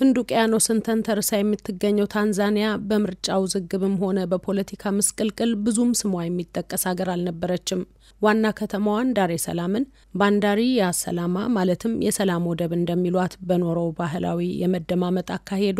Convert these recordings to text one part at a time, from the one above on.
ህንድ ውቅያኖስን ተንተርሳ የምትገኘው ታንዛኒያ በምርጫ ውዝግብም ሆነ በፖለቲካ ምስቅልቅል ብዙም ስሟ የሚጠቀስ ሀገር አልነበረችም። ዋና ከተማዋን ዳሬ ሰላምን ባንዳሪ ያ ሰላማ ማለትም የሰላም ወደብ እንደሚሏት በኖረው ባህላዊ የመደማመጥ አካሄዷ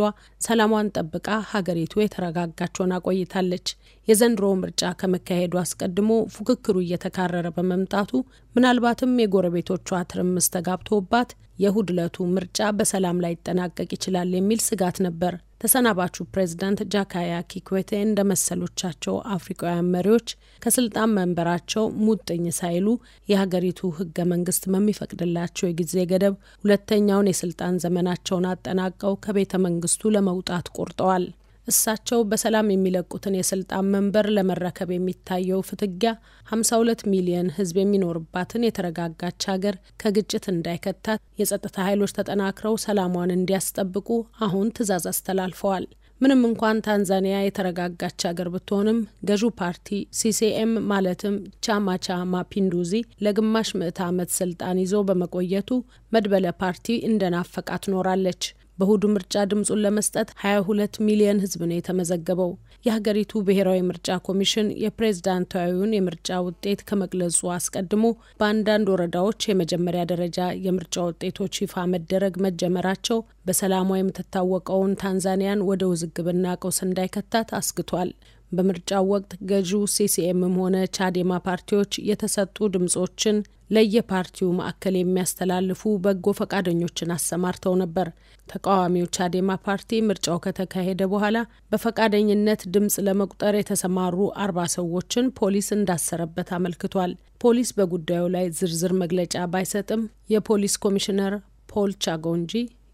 ሰላሟን ጠብቃ ሀገሪቱ የተረጋጋች ሆና ቆይታለች። የዘንድሮ ምርጫ ከመካሄዱ አስቀድሞ ፉክክሩ እየተካረረ በመምጣቱ ምናልባትም የጎረቤቶቿ ትርምስ ተጋብቶባት የእሁድ ዕለቱ ምርጫ በሰላም ላይ ይጠናቀቅ ይችላል የሚል ስጋት ነበር። ተሰናባቹ ፕሬዝዳንት ጃካያ ኪኩዌቴ እንደ መሰሎቻቸው አፍሪካውያን መሪዎች ከስልጣን መንበራቸው ሙጥኝ ሳይሉ የሀገሪቱ ህገ መንግስት በሚፈቅድላቸው የጊዜ ገደብ ሁለተኛውን የስልጣን ዘመናቸውን አጠናቀው ከቤተ መንግስቱ ለመውጣት ቆርጠዋል። እሳቸው በሰላም የሚለቁትን የስልጣን መንበር ለመረከብ የሚታየው ፍትጊያ 52 ሚሊየን ሕዝብ የሚኖርባትን የተረጋጋች ሀገር ከግጭት እንዳይከታት የጸጥታ ኃይሎች ተጠናክረው ሰላሟን እንዲያስጠብቁ አሁን ትዕዛዝ አስተላልፈዋል። ምንም እንኳን ታንዛኒያ የተረጋጋች ሀገር ብትሆንም ገዢው ፓርቲ ሲሲኤም ማለትም ቻማቻ ማፒንዱዚ ለግማሽ ምዕተ ዓመት ስልጣን ይዞ በመቆየቱ መድበለ ፓርቲ እንደናፈቃ ትኖራለች። በእሁዱ ምርጫ ድምፁን ለመስጠት 22 ሚሊየን ህዝብ ነው የተመዘገበው። የሀገሪቱ ብሔራዊ ምርጫ ኮሚሽን የፕሬዝዳንታዊውን የምርጫ ውጤት ከመግለጹ አስቀድሞ በአንዳንድ ወረዳዎች የመጀመሪያ ደረጃ የምርጫ ውጤቶች ይፋ መደረግ መጀመራቸው በሰላሟ የምትታወቀውን ታንዛኒያን ወደ ውዝግብና ቀውስ እንዳይከታት አስግቷል። በምርጫው ወቅት ገዢው ሲሲኤምም ሆነ ቻዴማ ፓርቲዎች የተሰጡ ድምጾችን ለየፓርቲው ማዕከል የሚያስተላልፉ በጎ ፈቃደኞችን አሰማርተው ነበር። ተቃዋሚው ቻዴማ ፓርቲ ምርጫው ከተካሄደ በኋላ በፈቃደኝነት ድምፅ ለመቁጠር የተሰማሩ አርባ ሰዎችን ፖሊስ እንዳሰረበት አመልክቷል። ፖሊስ በጉዳዩ ላይ ዝርዝር መግለጫ ባይሰጥም የፖሊስ ኮሚሽነር ፖል ቻጎንጂ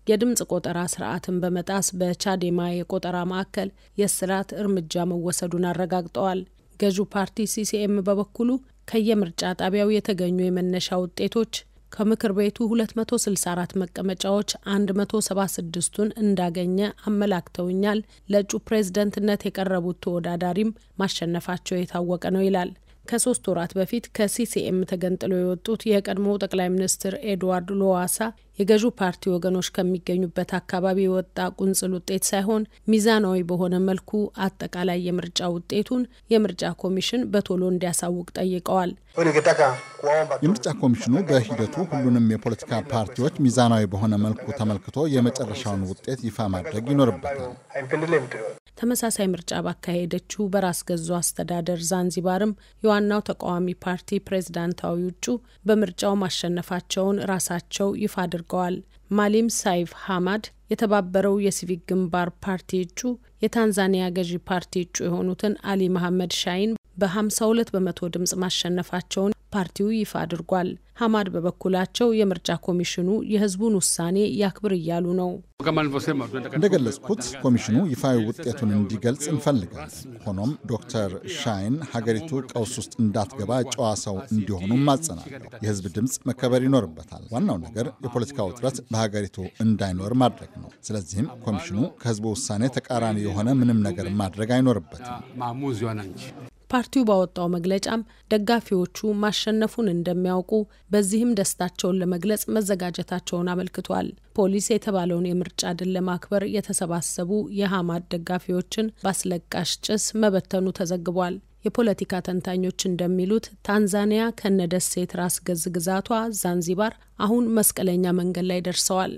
የድምፅ ቆጠራ ስርዓትን በመጣስ በቻዴማ የቆጠራ ማዕከል የእስራት እርምጃ መወሰዱን አረጋግጠዋል። ገዢው ፓርቲ ሲሲኤም በበኩሉ ከየምርጫ ጣቢያው የተገኙ የመነሻ ውጤቶች ከምክር ቤቱ 264 መቀመጫዎች 176ቱን እንዳገኘ አመላክተውኛል፣ ለእጩ ፕሬዝደንትነት የቀረቡት ተወዳዳሪም ማሸነፋቸው የታወቀ ነው ይላል። ከሶስት ወራት በፊት ከሲሲኤም ተገንጥለው የወጡት የቀድሞ ጠቅላይ ሚኒስትር ኤድዋርድ ሎዋሳ የገዢው ፓርቲ ወገኖች ከሚገኙበት አካባቢ የወጣ ቁንጽል ውጤት ሳይሆን ሚዛናዊ በሆነ መልኩ አጠቃላይ የምርጫ ውጤቱን የምርጫ ኮሚሽን በቶሎ እንዲያሳውቅ ጠይቀዋል። የምርጫ ኮሚሽኑ በሂደቱ ሁሉንም የፖለቲካ ፓርቲዎች ሚዛናዊ በሆነ መልኩ ተመልክቶ የመጨረሻውን ውጤት ይፋ ማድረግ ይኖርበታል። ተመሳሳይ ምርጫ ባካሄደችው በራስ ገዙ አስተዳደር ዛንዚባርም የዋናው ተቃዋሚ ፓርቲ ፕሬዝዳንታዊ እጩ በምርጫው ማሸነፋቸውን ራሳቸው ይፋ አድርገዋል። ማሊም ሳይፍ ሀማድ የተባበረው የሲቪክ ግንባር ፓርቲ እጩ የታንዛኒያ ገዢ ፓርቲ እጩ የሆኑትን አሊ መሐመድ ሻይን በ52 በመቶ ድምጽ ማሸነፋቸውን ፓርቲው ይፋ አድርጓል። ሀማድ በበኩላቸው የምርጫ ኮሚሽኑ የህዝቡን ውሳኔ ያክብር እያሉ ነው። እንደገለጽኩት ኮሚሽኑ ይፋዊ ውጤቱን እንዲገልጽ እንፈልጋለን። ሆኖም ዶክተር ሻይን ሀገሪቱ ቀውስ ውስጥ እንዳትገባ ጨዋ ሰው እንዲሆኑ ማጸናለሁ። የህዝብ ድምፅ መከበር ይኖርበታል። ዋናው ነገር የፖለቲካ ውጥረት በሀገሪቱ እንዳይኖር ማድረግ ነው። ስለዚህም ኮሚሽኑ ከህዝቡ ውሳኔ ተቃራኒ የሆነ ምንም ነገር ማድረግ አይኖርበትም። ፓርቲው ባወጣው መግለጫም ደጋፊዎቹ ማሸነፉን እንደሚያውቁ በዚህም ደስታቸውን ለመግለጽ መዘጋጀታቸውን አመልክቷል። ፖሊስ የተባለውን የምርጫ ድል ለማክበር የተሰባሰቡ የሀማድ ደጋፊዎችን በአስለቃሽ ጭስ መበተኑ ተዘግቧል። የፖለቲካ ተንታኞች እንደሚሉት ታንዛኒያ ከነደሴት ራስ ገዝ ግዛቷ ዛንዚባር አሁን መስቀለኛ መንገድ ላይ ደርሰዋል።